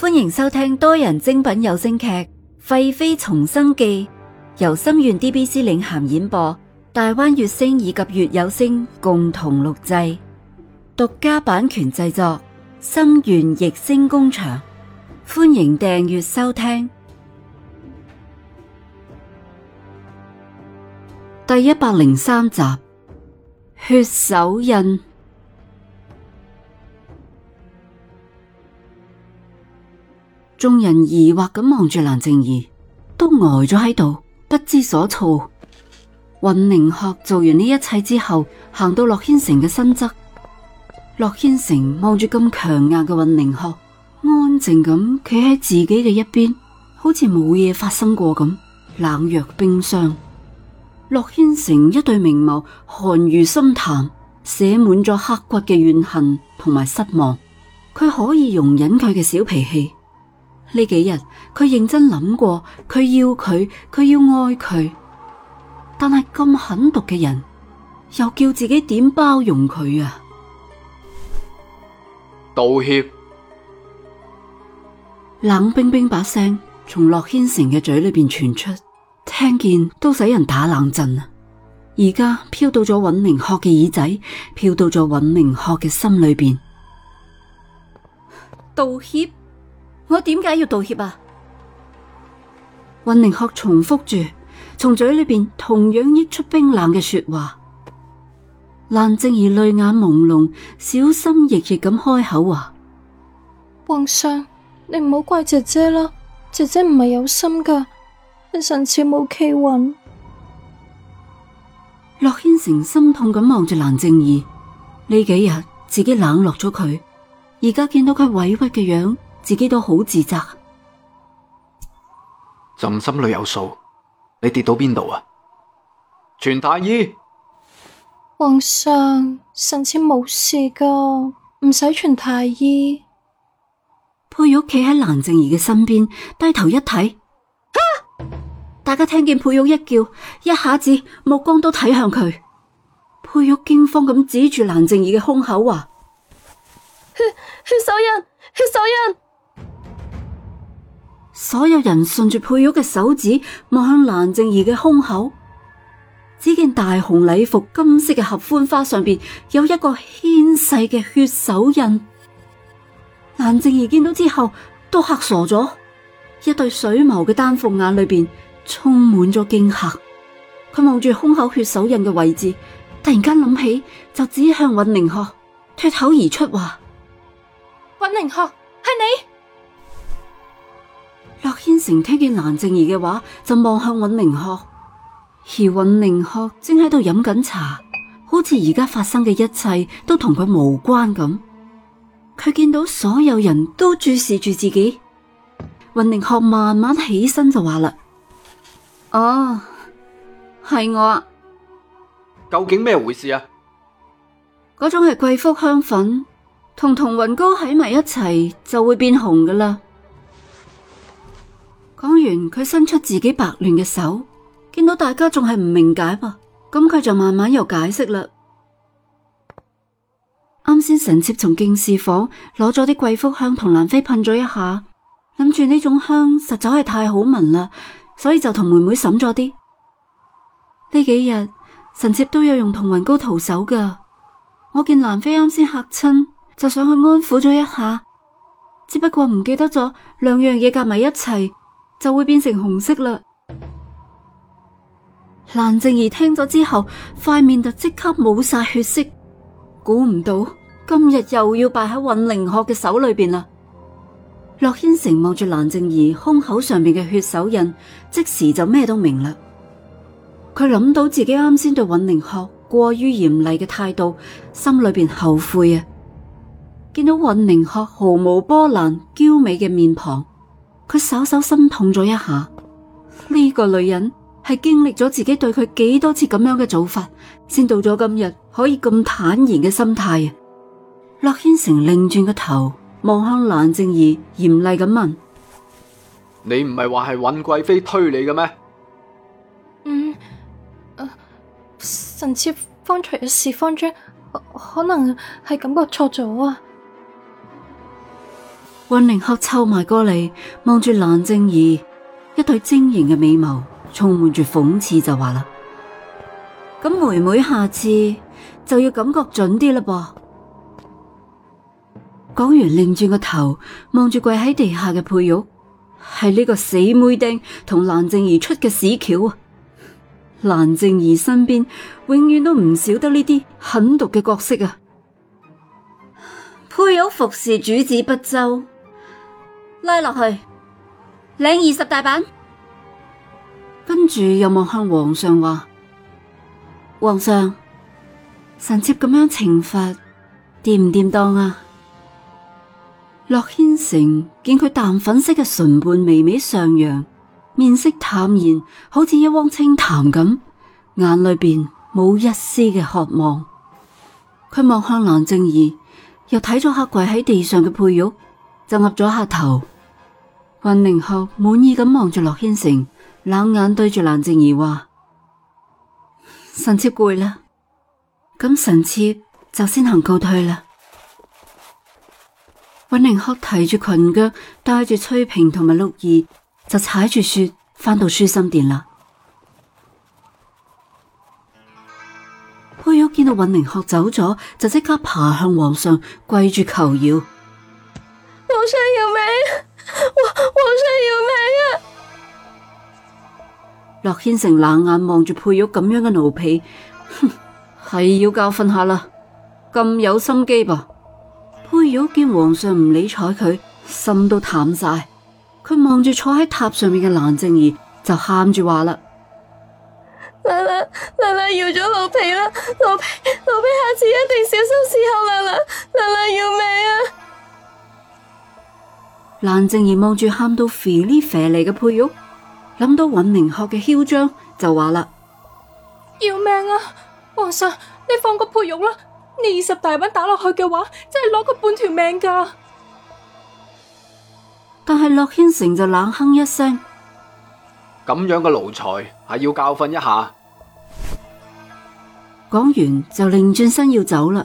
歡迎收聽多人精品有聲劇《廢妃重生記》，由心願 DBC 領銜演播，大灣月星以及月有聲共同錄製，獨家版權製作，心願逸聲工場。歡迎訂閱收聽第一百零三集《血手印》。眾人疑惑咁望住蘭靜儀，都呆咗喺度，不知所措。尹寧鶴做完呢一切之後，行到洛軒城嘅身側。洛軒城望住咁強硬嘅尹寧鶴，安靜咁企喺自己嘅一邊，好似冇嘢發生過咁，冷若冰霜。洛軒城一對明眸寒如深潭，寫滿咗刻骨嘅怨恨同埋失望。佢可以容忍佢嘅小脾氣。呢幾日佢認真諗過，佢要佢，佢要愛佢，但係咁狠毒嘅人，又叫自己點包容佢啊？道歉，冷冰冰把聲從駱軒成嘅嘴裏邊傳出，聽見都使人打冷震啊！而家飄到咗尹明鶴嘅耳仔，飄到咗尹明鶴嘅心裏邊，道歉。我點解要道歉啊？溫寧鶴重複住，從嘴裏邊同樣溢出冰冷嘅說話。蘭靜兒淚眼朦朧，小心翼翼咁開口話：皇上，你唔好怪姐姐啦，姐姐唔係有心噶，你上次冇企穩。洛軒成心痛咁望住蘭靜兒，呢幾日自己冷落咗佢，而家見到佢委屈嘅樣。自己都好自責，朕心裏有數。你跌到邊度啊？傳太醫，皇上，臣妾冇事噶，唔使傳太醫。佩玉企喺蘭靜儀嘅身邊，低頭一睇，啊、大家聽見佩玉一叫，一下子目光都睇向佢。佩玉驚慌咁指住蘭靜儀嘅胸口話，啊，血手印，血手印！所有人順住佩玉嘅手指望向蘭靜兒嘅胸口，只見大紅禮服金色嘅合歡花上邊有一個纖細嘅血手印。蘭靜兒見到之後都嚇傻咗，一對水眸嘅丹鳳眼裏邊充滿咗驚嚇。佢望住胸口血手印嘅位置，突然間諗起，就指向尹寧鶴，脫口而出話：尹寧鶴係你。洛軒成聽見蘭靜兒嘅話，就望向尹寧鶴，而尹寧鶴正喺度飲緊茶，好似而家發生嘅一切都同佢無關咁。佢見到所有人都注視住自己，尹寧鶴慢慢起身就話啦：哦，係我啊！究竟咩回事啊？嗰種係貴福香粉，同同雲膏喺埋一齊就會變紅噶啦。講完，佢伸出自己白嫩嘅手，見到大家仲係唔明解噃，咁佢就慢慢又解釋啦。啱先，神妾從敬事房攞咗啲貴福香同蘭妃噴咗一下，諗住呢種香實在係太好聞啦，所以就同妹妹審咗啲。呢幾日神妾都有用同雲膏塗手噶，我見蘭妃啱先嚇親，就上去安撫咗一下，只不過唔記得咗兩樣嘢夾埋一齊。就會變成紅色啦。蘭靜兒聽咗之後，塊面就即刻冇晒血色，估唔到今日又要敗喺尹寧鶴嘅手裏邊啦。駱軒成望住蘭靜兒胸口上邊嘅血手印，即時就咩都明啦。佢諗到自己啱先對尹寧鶴過於嚴厲嘅態度，心裏邊後悔啊！見到尹寧鶴毫無波瀾、嬌美嘅面龐。佢稍稍心痛咗一下，呢、這個女人係經歷咗自己對佢幾多次咁樣嘅做法，先到咗今日可以咁坦然嘅心態。洛軒成擰轉個頭望向蘭靜儀，嚴厲咁問：你唔係話係尹貴妃推你嘅咩？嗯，臣、呃、妾方才有事慌張、呃，可能係感覺錯咗啊。溫寧鶴抽埋過嚟，望住蘭靜儀，一對晶瑩嘅美貌充滿住諷刺就，就話啦：咁妹妹下次就要感覺準啲啦噃。講完擰轉個頭，望住跪喺地下嘅佩玉，係呢個死妹釘同蘭靜儀出嘅屎橋啊！蘭靜儀身邊永遠都唔少得呢啲狠毒嘅角色啊！佩玉服侍主子不周。拉落去，領二十大板。跟住又望向皇上話：皇上，臣妾咁樣懲罰掂唔掂當啊？洛軒成見佢淡粉色嘅唇瓣微微上揚，面色淡然，好似一汪清潭咁，眼裏邊冇一絲嘅渴望。佢望向蘭靜儀，又睇咗下跪喺地上嘅佩玉，就岌咗下頭。允寧後滿意咁望住樂軒城，冷眼對住蘭靜兒話：臣妾攰啦，咁臣妾就先行告退啦。允寧後提住裙腳，帶住崔萍同埋綠兒，就踩住雪返到舒心殿啦。佩玉見到允寧後走咗，就即刻爬向皇上跪住求饒：皇上饒命！皇上要命啊！洛軒成冷眼望住佩玉咁樣嘅奴婢，哼，係要教訓下啦。咁有心機噃、啊，佩玉見皇上唔理睬佢，心都淡晒。佢望住坐喺塔上面嘅蘭靜兒，就喊住話啦：奶奶，奶奶，饒咗奴婢啦！奴婢，奴婢下次一定小心伺候。奶奶！奶奶，要命啊！蘭靜兒望住喊到肥膩肥膩嘅配玉，諗到尹寧學嘅囂張，就話啦：要命啊！皇上，你放過配玉啦！你二十大板打落去嘅話，真係攞佢半條命噶！但係駱軒成就冷哼一聲：咁樣嘅奴才係要教訓一下。講完就擰轉身要走啦。